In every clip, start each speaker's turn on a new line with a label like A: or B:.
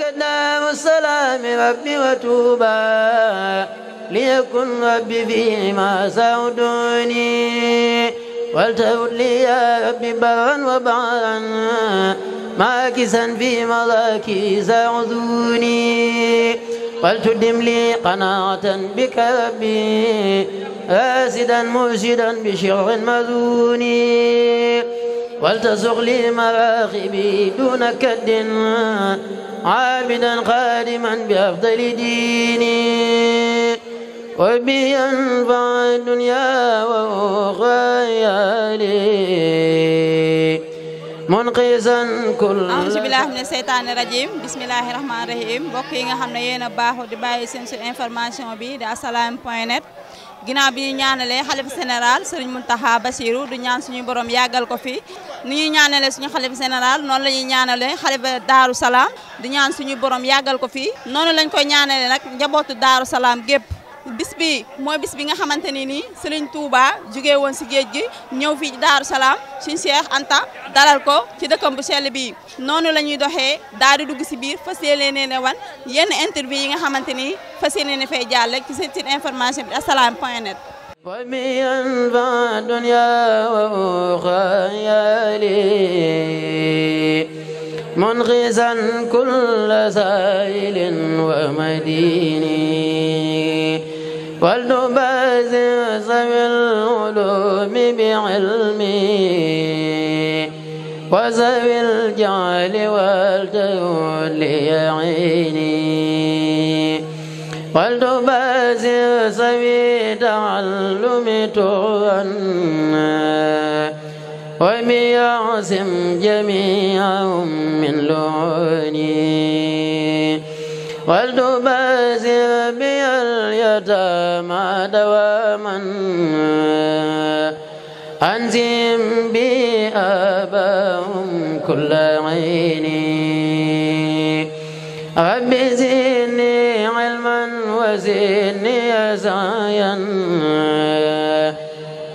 A: أكدام السلام ربي وتوبا ليكن ربي فيما سعدوني والتفت لي يا ربي برا وبعرا ماكسا في ملاكي سعدوني ولتدم لي قناعة بك ربي راسدا مرشدا بشر مذوني ولتسق لي مراغبي دون كد عابدا خادما بأفضل ديني وبي أنفع الدنيا وأخرى qizan kul alhamdulilah a seytaane rajim bismillahi rahmaani rahim mbokk yi nga xam ne yéen a baaxu di bàyyi seen su information bi di assalaam point net ginnaaw bi ñu ñaanalee xalifa général sëriñ Mountakha Bassirou du ñaan suñu borom yàggal ko fi ni ñuy ñaanalee suñu xalifa général noonu la ñuy ñaanalee xalifa Daaru Salaam du ñaan suñu borom yàggal ko fi noonu lañ koy ñaanalee nag njabootu Daaru Salaam gépp bis bi mooy bis bi nga xamante ni nii Serigne Touba jugee woon si géej gi ñëw fii Daaru Salaam suñu Cheikh Anta dalal ko ci dëkkam bu sell bi noonu la ñuy doxee daal di dugg si biir fas yéene ne wan yenn interview yi nga xamante ni fas yéene ne fay jàll ci seen site information bi assalaam point net. منغزا كل سائل ومديني ولنبازز بالعلوم بعلمي وزوي الجعل والجول يعيني ولنبازز بتعلم تغنى وبيعصم جميعا من لعوني ولنبازز اليتامى دواما أنزم بآباهم كل عين رب زدني علما وزدني سعيا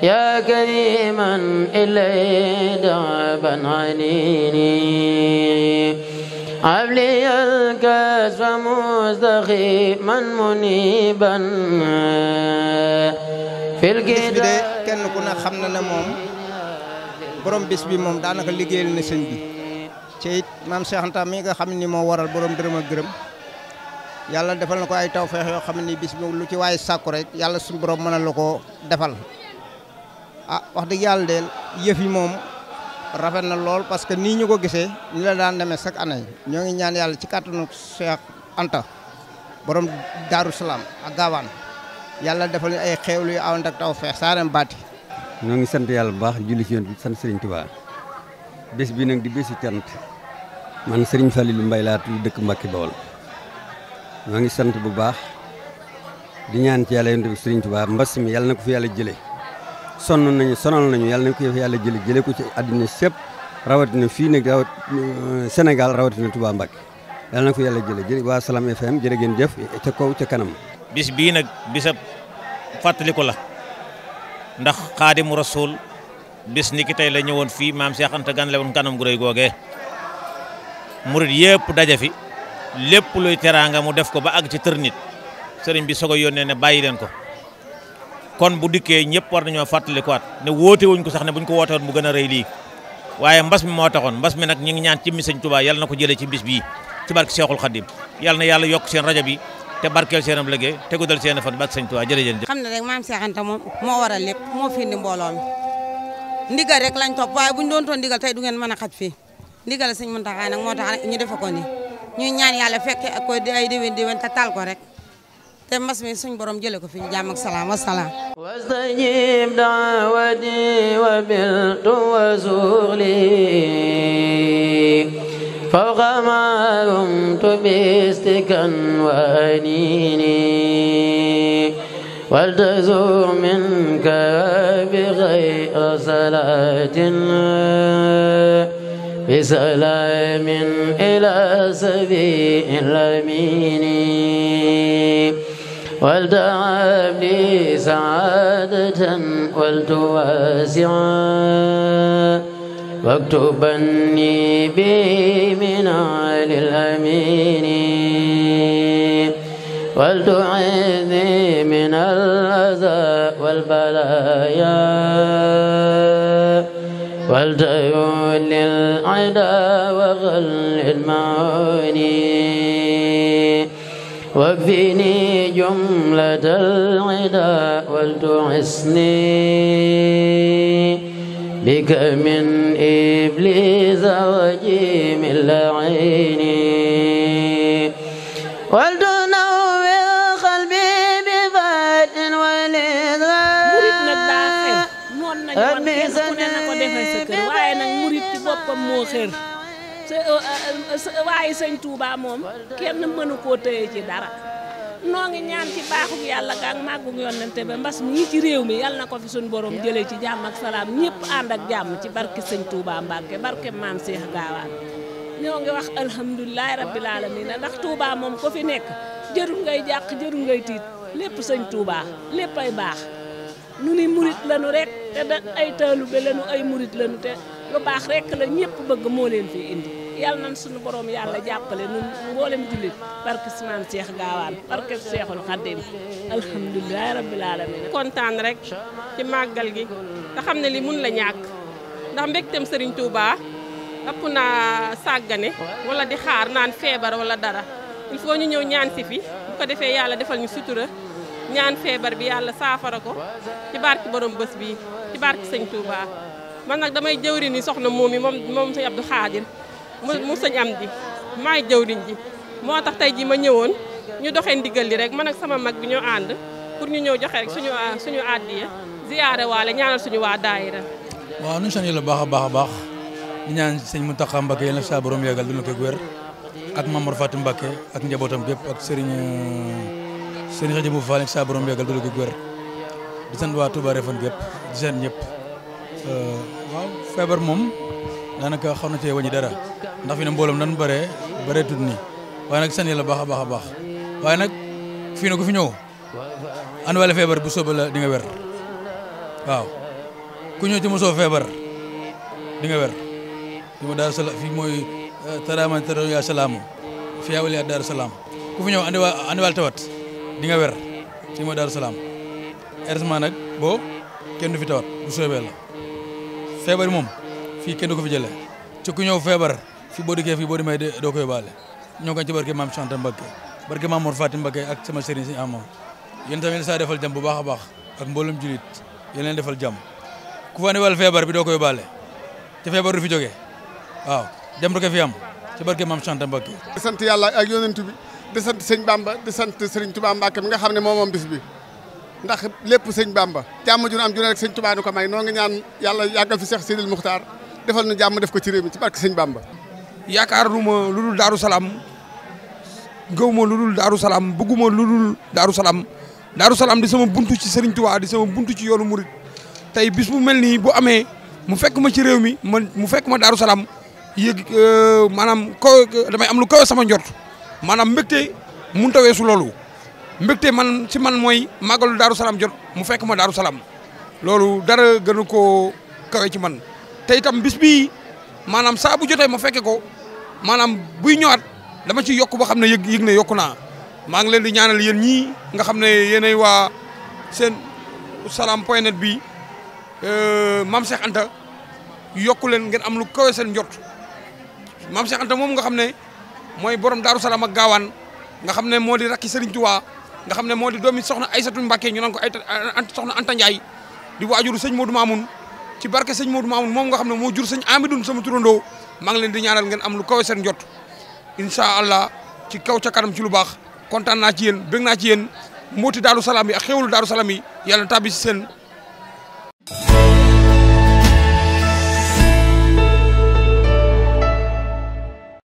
A: يا كريما إلي دعبا عنيني عبلي الكسب مستقيما منيبا في الكتاب
B: kenn ku ne xam na ne moom borom bis bi moom daanaka liggéeyal na sëñ bi ci maam Cheikh mi nga xam nii moo waral borom dërëm ak gërëm yàlla defal na ko ay taw tawfeex yoo xam ni bis bi lu ci waaye sàkku rek yàlla suñu borom mën la ko defal ah wax yàlla de yëf moom. rafet na lool parce que nii ñu ko gisee ni la daan demee chaque année ñoo ngi ñaan yàlla ci kàttanu Cheikh Anta borom Daaru Salaam ak Gaawaan yàlla defal ay xéewlu yu awante ak taw feex saarem baati ñoo ngi sant yàlla bu baax julli ci yoon bi sant Serigne Touba bés bi nag di bési cant man Serigne Fallilou Mbaye laa tudd dëkk Mbacke Bawol ñoo ngi sant bu baax di ñaan ci yàlla yoon bi Serigne Touba mbas mi yàlla na ko fi yàlla jëlee sonn nañu sonal nañu yàlla nañ ko yàlla jële jële ko ci àddina sépp rawatina fii nag rawat euh, Sénégal rawatina Touba Mbacké yàlla na ko yàlla jële jële waa Salam FM jërë ngeen jëf ca kaw ca kanam bis bii nag fàttali ko la ndax xaadimu rasul bis ni ki tey la ñëwoon fii maam Cheikh Anta Gan woon kanam gu rëy googee murit yëpp daje fi lépp luy teraanga mu def ko ba àgg ci tër nit sëriñ bi soog a yónnee ne bàyyi leen ko kon bu dikkee ñëpp war nañoo fàttalikuwaat ne woote wuñ ko sax ne buñ ko woote woon mu gën a rëy lii waaye mbas mi moo taxoon mbas mi nag ñu ñaan ci mi sëñ Tuubaa yàlla ko jëlee ci bis bii ci barke maam Seex Anta moom moo waral moo fi indi mbooloo rek lañ topp waaye buñ doon toon ndigal tey du ngeen mën a xaj fii ndigal sëñ Muntaxa nag moo tax ñu defe ko ni ñuy ñaan yàlla fekke ak ko ay déwén déwén te tal ko rek te mbas mi suñ borom jële ko fi jàmm ak salaam wa salaam
A: wastajib
B: daawati wa
A: biltu wa zuxli fawqa ma dumtu bistikan wa anini waltazur minka bi xayra salaatin bi salaamin ila sabiil amini والدعى لي سعادة والتواسعا واكتبني بي من علي الأمين والتعذي من الأذى والبلايا والتيول للعدا وغل المعوني وابني جملة العدا ولتحسني بك من إبليس وجيم العين ولتنور قلبي
B: بفات والإذاء أبي سنة Euh, euh, waaye sëñ tuubaa moom kenn mënu koo tëye ci dara noo ngi ñaan ci baaxug yàlla ga ak màggug yonente ba mbas mi ci réew mi yàlla na ko fi suñ borom jëlee ci jàmm ak salaam ñëpp ànd ak jàmm ci barke sañ Touba Mbacke barke maam Seex Gaawaan ñoo ngi wax alhamdulilahi rabbil alamin ndax tuubaa moom ko fi nekk jërul ngay jàq jërul ngay tiit lépp sëñ Touba lépp ay baax nu ni murit lañu rek te da ay taalube lañu ay murit lanu te lu baax rek la ñëpp bëgg moo leen fi indi yàlla nan suñu borom yàlla jàppale nun mboolem jullit barke Simaan Seex Gaawaan barke Seexul Xaddim alhamdulilah rabbil alamin kontaan rek ci màggal gi te xam ne li mun la ñàkk ndax mbégtem Sëriñ Tuuba ëpp naa sàggane wala di xaar naan feebar wala dara il faut ñu ñëw ñaan si fi bu ko defee yàlla defal ñu sutura ñaan feebar bi yàlla saafara ko ci barke borom bés bi ci barke Sëñ Tuuba man nag damay jëwri ni soxna moom yi moom mu mu sëñ am di maay jëwriñ ji moo tax tey ji ma ñëwoon ñu doxee ndigal li rek man ak sama mag bi ñoo ànd pour ñu ñëw joxe rek suñu ah, suñu addiya ziyaare waale ñaanal suñu waa daayira
C: waaw ñu sant yàlla baax baax a baax di ñaan sëñ mu Mbacké yéen a saa borom yàggal dina ko wér ak Mamour Fatou Mbacké ak njabootam gépp ak sëriñ sëriñ Xadibou Fall ak saa borom yàggal dina ko wér di waa Touba Refane gépp di ñëpp euh, feebar moom daanaka xaw na cee wàññi dara ndax fi ne mbooloom nan bëree bëree tut nii waaye nag sant yàlla baax a baax a baax waaye nag fii ne ku fi ñëw ànd feebar bu sooba la di nga wer waaw ku ñëw ci mosoo feebar di nga wer fi mu daal sala fii mooy eh, taraama tara yaa salaamu daar salaam ku fi ñëw andi waa andi waal nga wer fii mooy salaam heureusement nag boo kenn du fi tawat bu soobee la feebar moom fii kenn du ko fi jëlee ci ku ñëw feebar fi boo dikkee fii boo demee doo koy baale ñoo ngi ci barke maam Chante Mbacke barke maam Mor Fatim Mbacke ak sama sëriñ si amoon tamit saa defal jàmm bu baax a baax ak mboolum julit yéen leen defal jàmm ku fa andiwal feebar bi doo koy baale te feebar du fi jógee waaw jàmm du ko fi am ci barke maam Chante Mbacke.
B: di sant yàlla ak yonent bi di sant sëñ Bamba di sant sëriñ Touba Mbacke mi nga xam ne moom moom bis bi ndax lépp sëñ Bamba jàmm ju am defal na jàmm def ko ci réew mi ci barke sëñ Bamba. yaakaaruma lu dul Daaru Salaam lu dul Daaru Salaam bëgguma lu dul Daaru Salaam Daaru Salaam di sama buntu ci Serigne Touba di sama buntu ci yoonu Mouride tey bis bu mel nii bu amee mu fekk ma ci réew mi man mu fekk ma Daaru Salaam yëg euh, maanaam kaw damay am lu kawe sama njort maanaam mbégte mënut a weesu loolu mbégte man ci man mooy màggalu Daaru Salaam jot mu fekk ma Daaru Salaam loolu dara gënu koo kawe ci man. tey itam bis bi maanaam saa bu jotee ma fekke ko maanaam buy ñëwaat dama ci yokk boo xam ne yëg yëg ne yokk naa maa ngi leen di ñaanal yéen ñii nga xam ne yéenay waa seen salam point net bi euh, maam Cheikh Anta yokku leen ngeen am lu kawe seen jot maam Cheikh moom nga xam ne mooy borom Daaru Salaam a gaawaan nga xam ne moo di rakki Serigne Touba nga xam ne moo di doomi soxna Aysatu mbake ñu naan ko ay soxna Anta Ndiaye di waajuru sëñ Modou Mamoun ci barke sëñ Modou Mamoun moom nga xam ne moo jur sëñ Amidun sama turandoo maa ngi leen di ñaanal ngeen am lu kawe seen jot incha allah ci kaw ca kanam ci lu baax kontaan naa ci yéen bëgg naa ci yéen mbooti daaru salaam yi ak xéwalu daaru salaam yi yàlla tabbi si seen